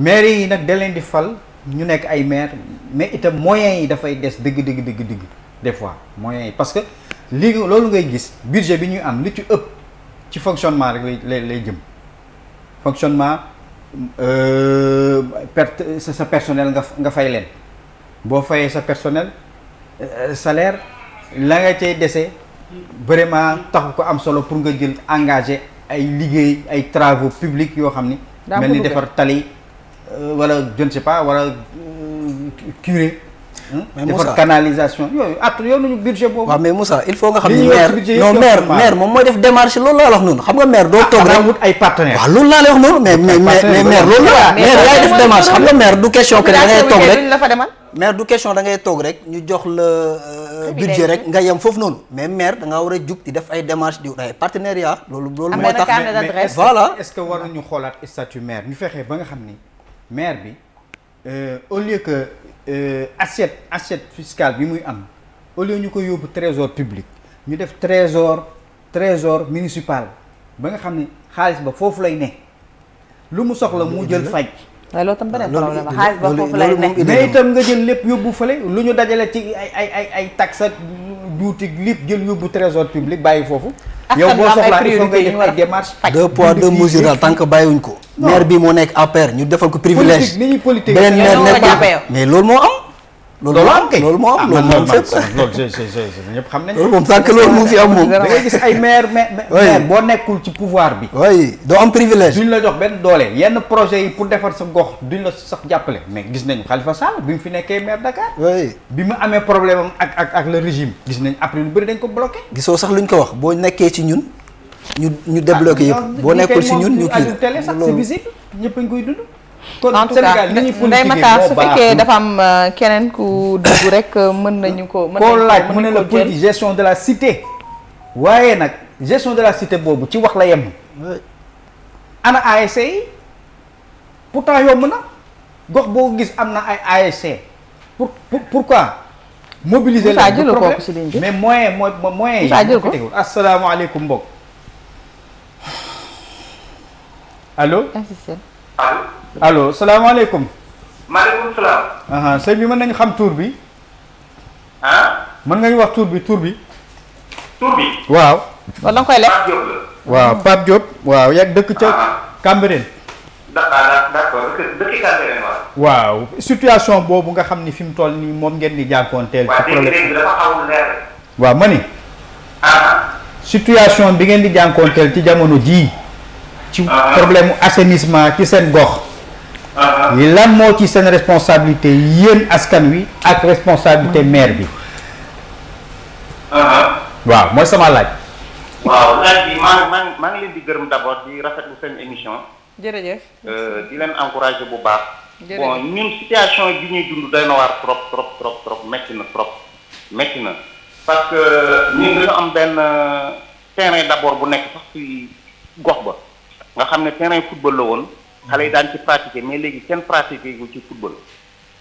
maire yi nag da di fal ñu nekk ay maire mais itam moyens yi dafay des dëgg dëgg dëgg dëgg des fois moyens yi parce que lii loolu ngay gis budget bi ñuy am li ci ëpp ci fonctionnement rek lay lay jëm fonctionnement euh, perte sa personnel nga nga fay leen boo fayee sa personnel euh, salaire la nga cay dese vraiment taxu ko am solo pour nga jël engagé ay liggéey ay travaux publics yoo xam ni mel ni defar tali Euh, wala je ne sais pas wala euh, curé. mais Moussa canalisation yooyu at ah, yow nañu budget boobu. waaw mais Moussa il faut nga xam ni maire non maire maire moom mooy def démarche loolu laa la wax noonu xam nga maire doo ah, toog rek. wut ay partenaires. waaw loolu laa la wax noonu mais mais mais maire loolu la. maire yaay def démarche xam nga maire du question que da ngay toog rek. maire du da ngay toog rek ñu jox la euh, budget rek nga yem foofu noonu mais mair da ngaa war a jug di def ay démarches di wut partenariat loolu loolu moo tax voilà est-ce que war nañu xoolaat statut maire ñu fexee ba nga xam ni maire bi euh, au lieu que euh, assiette assiette fiscale bi muy am au lieu ñu koy yóbbu trésor public ñu def trésor trésor municipal ba nga xam ne xaalis ba foofu lay ne lu mu soxla mu jël faj waaye loo tam beneen problème xaalis ba foofu lay ne mais itam nga jël lépp yóbbu fale lu ñu dajalee ci ay ay ay ay taxe juuti lépp deux poids deux mesures daal tant ko. maire bi moo nekk APR ñu defal ko privilège. politique ni ñuy politique mais loolu moo am. loolu am kay loolu moo am ah, loolu moom fépp loolu xam nañ loolu moom sànq loolu mu fi am moom ay maire maire boo nekkul ci pouvoir bi oui doo am privilège ñu la jox benn doole yenn projet yi pour defar sa gox duñ la sax jàppale mais gis nañu xalifa Sall bi mu fi nekkee maire Dakar bi mu amee problème am ak ak ak le régime gis nañ après lu bëri dañ ko bloqué gisoo sax luñ ko wax boo nekkee ci ñun ñu ñu débloqué ah, yëpp boo nekkul ci ñun ñu kii loolu ñëpp a koy dund kon Sénégal li ñuy politique moo baax su fekkee dafa am euh, keneen ku dugg rek euh, mën nañu ko. mën koo laaj mu ne la politique de la cité. waaye nag gestion de la cité boobu ci wax la yem. ana ASC yi pourtant yomb na gox boo gis am na ay ASC pour pourquoi. mobiliser la du problème mais moyen mooy moyen yi. jël ko asalaamaaleykum mbokk allo salaamaaleykum. maaleykum salaam. bi mën nañu xam tuur bi. mën nga ñu wax tuur bi tur bi. tur bi. waaw. wala nga koy lekk waaw Pape Diop. waaw yàgg dëkk ca. Cambérène. Ah, d'accord waaw. situation boobu nga xam ni fi mu toll nii moom ngeen di jànkoonteel. ci problème waaw ma ni. situation bi ngeen di jànkoonteel ci jamono jii. ci problème assainissement ci seen gox. Ah, ah. lan moo ci seen responsabilité yéen askan wi ak responsabilité maire bi. Ah, waaw mooy sama laaj. waaw laaj bi maa maa maa ngi leen di gërëm d'abord di lu seen émission. jërëjëf. Euh, di leen encourager bu baax. bon ñun bi ñuy dund doy na waar trop trop trop trop metti na trop métti na. parce que euh, ñun dañu am benn euh, terrain d'abord bu nekk sax ci gox ba nga xam ne terrain football la woon. xale yi daan ci pratiquer mais léegi kenn pratiquer gu ci football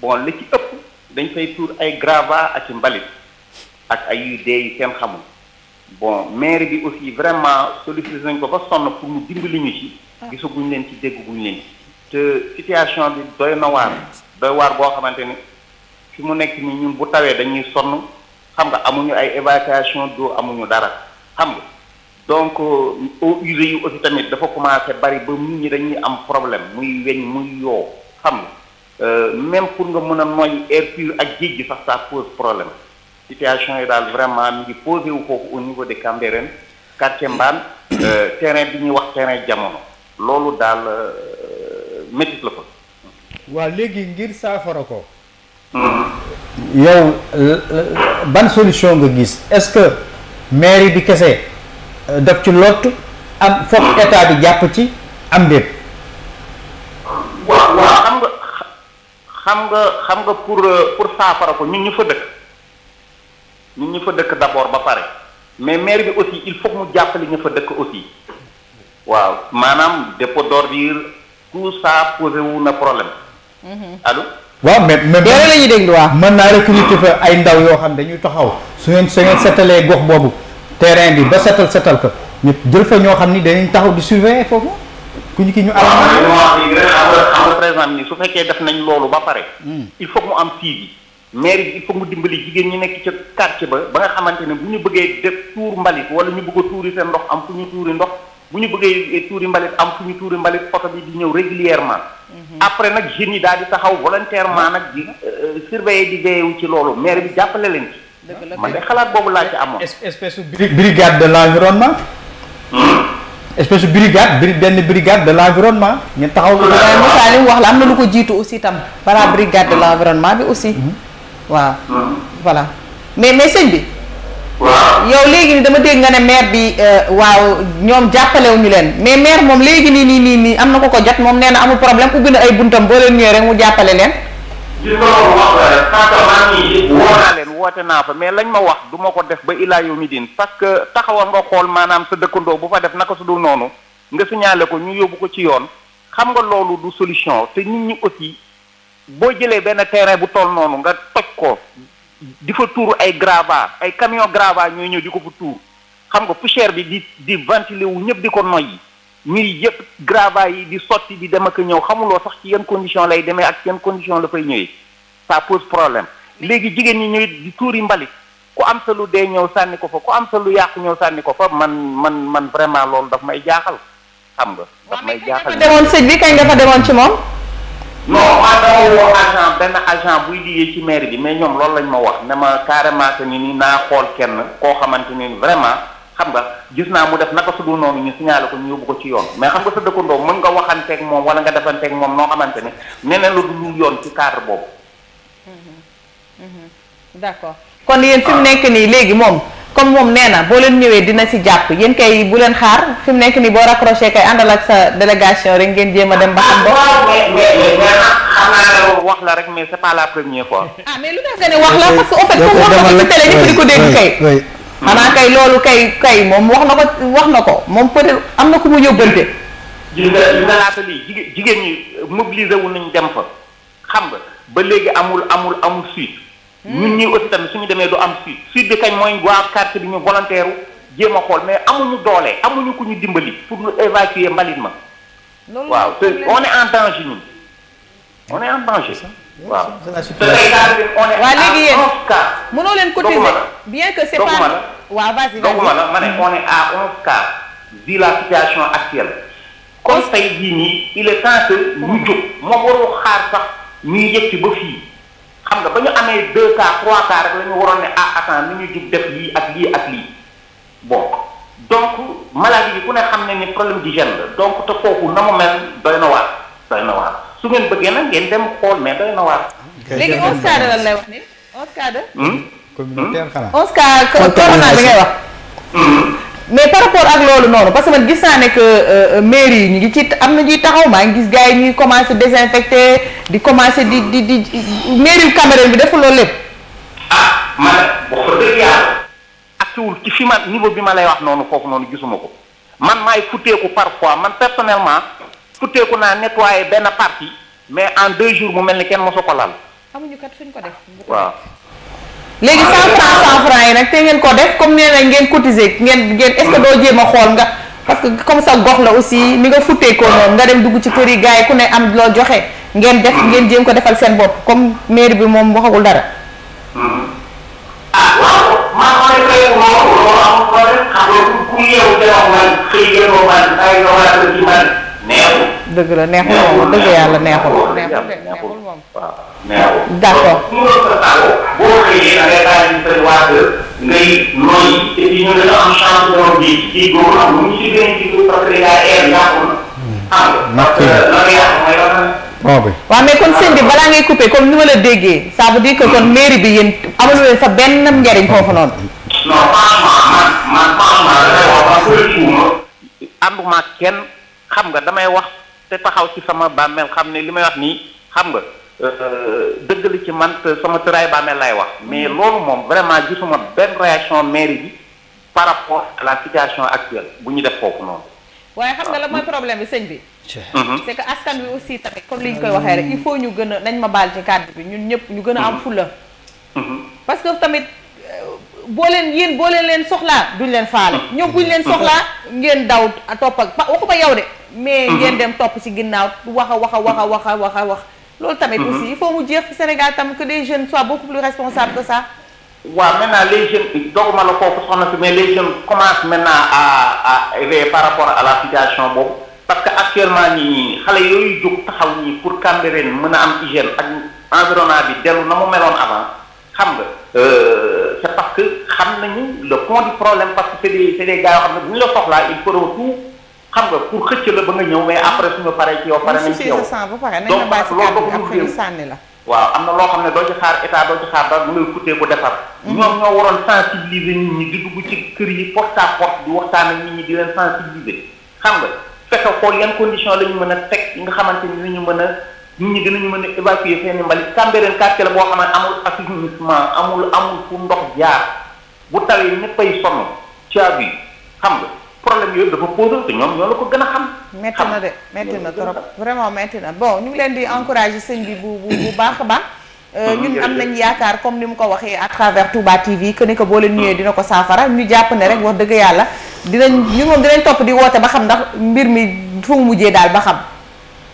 bon li ci ëpp dañ fay tuur ay grava ak ci mbalit ak ay yu dee yu kenn xamul bon maire bi aussi vraiment sollicité nañ ko ba sonn pour mu li ñu ci ah. gisaguñ leen ci dégguñ leen te situation bi doy na waar doy waar boo xamante ni fi mu nekk ni ñun bu tawee dañuy sonn xam nga amuñu ay évacuation d'eau amuñu dara xam nga donc eaux euh, usées yu aussi tamit dafa commencé bari ba nit ñi dañuy am problème muy weñ muy yoo xam nga euh, même pour nga mën a noy air pur ak géej gi sax ça pose problème situation yi daal vraiment mu ngi posé wu foofu au niveau de Cambérène quartier Mbane euh, terrain bi ñuy wax terrain jamono loolu daal métit la fa waaw léegi ngir saafara ko mm-hmm. yow ban solution nga gis est-ce que mairie bi kese daf ci lott am foog état bi jàpp ci am déet. waaw waaw xam nga xam nga xam nga pour pour saafara ko ñun ñu fa dëkk ñun ñu fa dëkk d'abord ba pare mais mair bi aussi il faut mu jàppale ñu fa dëkk aussi waaw maanaam dépôt d'ordure tout ça posé wu na problème. Mm-hmm. allo. waaw mais mais loolu la ñuy déglu mën naa recruter fa ay ndaw yoo xam dañuy taxaw su ngeen su ngeen seetalee gox boobu. terrain bi ba setal setal ko ñu jël fa ñoo xam ni danañ taxaw di surveiller foofu ku ñu ki ñu. Ah, am par su fekkee def nañ loolu ba pare. Hmm. il faut mu am TV maire bi dimbali jigéen ñi nekk ca quartier ba ba nga xamante ne bu ñu bëggee def tuur mbalit wala ñu bëgg a tuuri seen ndox am ñu tuuri ndox bu ñu bëggee eh, tuuri mbalit am fu ñu tuuri mbalit oto bi di ñëw régulièrement hmm. après nag jeunes ñi daal di taxaw volontairement hmm. nag di euh, surveiller di veyewu ci loolu maire bi jàppale leen man de xalaat boobu laa am amoon. espèce brigade de l' environnement. Hmm. espèce brigade bri benn brigade de l' environnement. ñu taxaw ko. wax la am na lu ko jiitu aussi tam. balaa brigade de l' bi aussi. Hmm. waaw. Hmm. voilà mais mais sëñ bi. waaw yow léegi nii dama dégg nga ne maire bi euh, waaw ñoom jàppalewuñu leen mais maire moom léegi nii nii nii nii am na ko ko jot moom nee na amul problème ubbi na ay buntam boo leen ñëwee rek mu jàppale leen. woote naa fa mais lañ ma wax du ma ko def ba ilaa yow mi parce que taxawal nga xool maanaam sa dëkkandoo bu fa def naka su dul noonu nga signalé ko ñu yóbbu ko ci yoon xam nga loolu du solution te nit ñu aussi boo jëlee benn terrain bu tool noonu nga toj ko di fa tuur ay grava ay camion grava ñooy ñëw di ko fa tuur xam nga poussière bi di di ventiler wu ñëpp di ko noyyi ñuy yëpp grava yi di sotti di dem ak ñëw xamuloo sax ci yan condition lay demee ak yan condition la fay ñëwee léegi jigéen ñi ñuy di tuuri mbalit ku am sa lu dee ñëw sànni ko fa ku am sa lu yàqu ñëw sànni ko fa man man man vraiment loolu daf may jaaxal xam nga. daf may jaaxal demoon sëñ bi kañ ci moom. non maa dama woo agent benn agent ci maire bi mais ñoom loolu lañ ma wax ne ma ni ni naa xool kenn koo xamante ni vraiment xam nga gis naa mu def naka su dul noonu ñu signalé ko ñu yóbbu ko ci yoon mais xam nga ko dëkkandoo mën nga waxanteeg moom wala nga defanteeg moom noo xamante ne neneen lu du yoon ci cadre boobu. Mm-hmm. d' accord kon yéen fi mu ah. nekk nii léegi moom comme moom nee na boo leen ñëwee dina si jàpp yéen kay bu leen xaar fi mu nekk nii boo raccroché kay àndal ak sa délégation rek ngeen jéem a dem ba xam. Ah, waaw wax la rek mais c'est pas la première fois. Ah, nga la parce na ko ci télé ñëpp di kay. xanaa kay loolu kay kay moom wax na ko wax na ko moom peut am na ku mu yóbbante. gis nga gis nga laata lii jigéen jigéen ñi nañu dem xam nga ba léegi amul amul amul suite. Hmm. ñun ñii aussi tamit suñu demee du am suite suite bi kañ mooy waa quartier bi ñu volontaire jéem a xool mais amuñu doole amuñu ku ñu dimbali pour ñu évacuer mbalit ma. waaw te on est en danger ñun on est en danger. waaw te waaw léegi yéen mënoo leen cotiser bien que c'est pas waaw vas-y donc ma la ma ne on est à onze cas vu la situation actuelle comme tey jii nii il est temps que ñu jóg moom waroo xaar sax ñuy yëg ci ba fii. xam nga ba ñu amee deux cas trois cas rek la waroon ne ah attends ni ñu jub def lii ak lii ak lii bon donc maladie bi ku ne xam ne ni problème d'hygiène la donc te foofu na mu mel doy na waar doy na waar su ngeen bëggee nag ngeen dem xool mais doy na waar. léegi onze cas de lan lay wax ni onze cas de. communautaire ngay wax. Hmm? mais par rapport ak loolu noonu parce que man gis naa ne que euh, euh, mairie yi ñu ngi ci am na ñuy taxaw maa ngi gis gars yi ñuy commencé désinfecté di commencé di di di mairie Cambérène bi deful loolu lépp. ah man wax dëgg yàlla. asiwul ci fi ma niveau bi ma lay wax noonu foofu noonu gisuma ko man maay futteeku parfois man personnellement futteeku naa nettoyé benn partie mais en deux jours mu mel ni kenn mosu ko lal. xamuñu kat fuñ ko def. waaw. léegi cent franc cent franc yi nag te ngeen koo def comme nee na ngeen cotiser ngeen ngeen est-ce que doo jéem a xool nga parce que comme ça gox la aussi ni nga futteekoo noonu nga dem dugg ci kër yi gars yi ku ne am loo joxe ngeen def ngeen jéem ko defal seen bopp comme maire bi moom waxagul dara ah waaw man mooy xëy moom loolu dëgg la neexul moom dëgg yàlla neexul. ngay bi ci mm. mais kon sëñ bi balaa ngay coupé comme ni la déggee ça veut dire que kon mairie bi yéen amalu leen fa benn njariñ foofu noonu. non kenn xam nga damay wax te taxaw ci sama bàmmeel xam ne li may wax nii xam nga. dëgg li ci man sama tëraay bàmmeel lay wax mais loolu moom vraiment gisuma benn réaction mairie bi par rapport à la situation actuelle bu ñu def foofu noonu. waaye xam nga la mooy problème bi sëñ bi. Mhm. c'est que askan bi aussi tamit comme li ñu koy waxee rek il faut ñu gën a nañ ma baal ci kàddu bi ñun ñëpp ñu gën a am mhm. fula. Mhm. parce que tamit euh, boo leen yéen boo leen leen soxlaa duñ leen faale. ñoom buñ leen soxlaa ngeen daw topp ak waxuma yow de. mais ngeen dem topp ci ginnaaw wax a wax a wax a a wax. loolu tamit mhm. aussi il faut mu jeex fi Sénégal tam que les jeunes soient beaucoup plus responsables que ça. waaw maintenant les jeunes doguma la foofu soxna si mais les jeunes commencent maintenant à à éveiller par rapport à la situation boobu parce que actuellement nii xale yooyu jóg taxaw nii pour Cambérène mën a am hygiène ak environnement bi dellu na mu meloon avant xam nga euh, c'est parce que xam nañu le fond du problèm parce que c'est des c'est des xam ne bu ñu la soxlaa il xam nga pour xëcc la ba nga ñëw mais après suñu paree ci yow pare nañ ci yow donc loolu sànni la waaw am na loo xam ne doo ci xaar état doo ci xaar dara lu lay kutee ko defar mhm. ñoom ñoo waroon sensibiliser nit ñi di dugg ci kër yi porte à porte di waxtaan ak nit ñi di leen sensibiliser xam nga fekke xool yan condition la ñu mën a teg yi nga xamante ni ñu mën a nit ñi dinañu mën a évacuer seeni mbalit Cambérène quartier la boo xam ne amul assainissement amul amul fu ndox jaar bu tawee ñëppay sonn caabi xam nga problème yooyu dafa posé te ñoom ñoo la ko gën a xam. metti na de metti na trop vraiment metti na bon ñu ngi leen di encourager sëñ bi bu bu baax a baax. Mm-hmm. Euh, ñun am nañ yaakaar comme ni mu ko waxee à travers Touba TV que ni ko boo leen ñëwee mm-hmm. dina ko saafara ñu jàpp ne rek wax dëgg yàlla dinañ ñu moom dinañ topp di woote ba xam ndax mbir mi fu mu mujjee daal ba xam.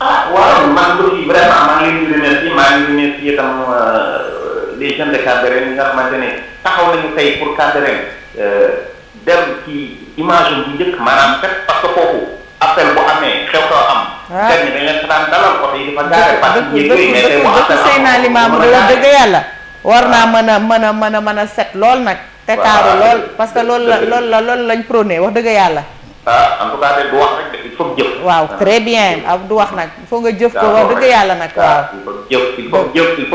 ah waaw ngi leen di remercier maa ngi remercier itam euh, les nga xamante ne taxaw nañu tey pour Cambérène. Euh, dem ci image bu njëkk maanaam fekk parce que foofu appel bu amee xew-xew am. waaw ah. benn dañ leen daan dalal oto dëgg yàlla war naa mën a mën a mën a mën a set lool nag. te taaru lool parce que loolu la loolu la loolu lañ prôné wax dëgg yàlla. ah en tout cas du wax waaw ah. très bien ab ah, du wax nag foo faut nga jëf ko wax dëgg yàlla nag. waaw il jëf il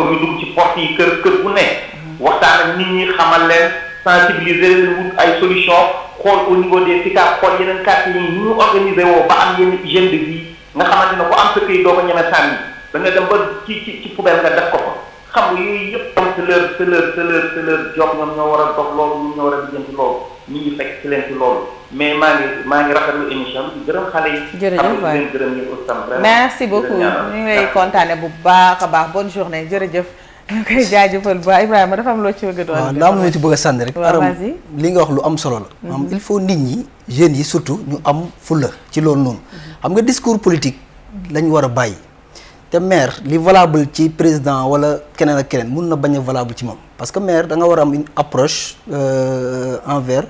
yi kër kër bu ne. Mm-hmm. waxtaan ak nit ñi xamal leen. sensibiliser wut ay solution xool au niveau des SICAP xool yeneen quartier yi ñu ñu organiser woo ba am yenn hygiène de vie nga xamante ne ku am sa këy doo ko ñeme sànni da nga dem ba ci ci ci nga def ko fa xam nga yëpp tam c'est leur c'est leur c'est ñoom ñoo war a dox loolu ñoom ñoo war a lijjanti loolu ñu ngi fekk ci loolu mais maa ngi maa ngi rafetlu émission bi gërëm xale yi. jërëjëf waay gërëm ñu aussi tam merci beaucoup ñu ngi lay bu baax a baax bonne journée jërëjëf. ñu koy jaajëfal bu Ibrahima dafa am loo ci bëgg a ah, a sànni rek. aram li nga wax lu am solo la. Mhm. am il faut nit ñi jeunes yi surtout ñu am fulla ci loolu noonu. Mhm. xam nga discours politique lañ war bàyyi. te maire li valable ci président wala keneen ak keneen mun na bañ a valable ci moom parce que maire da nga war a am une approche euh, envers.